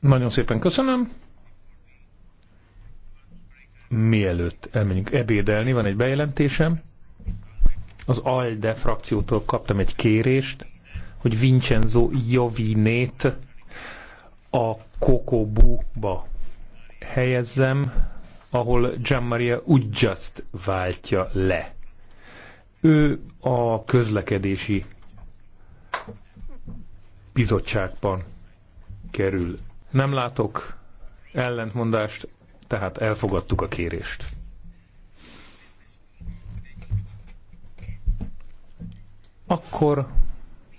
Nagyon szépen köszönöm. Mielőtt elmegyünk ebédelni, van egy bejelentésem. Az ALDE frakciótól kaptam egy kérést, hogy Vincenzo Jovinét a Kokobu-ba helyezzem, ahol Gianmaria Ugyaszt váltja le. Ő a közlekedési bizottságban kerül nem látok ellentmondást, tehát elfogadtuk a kérést. Akkor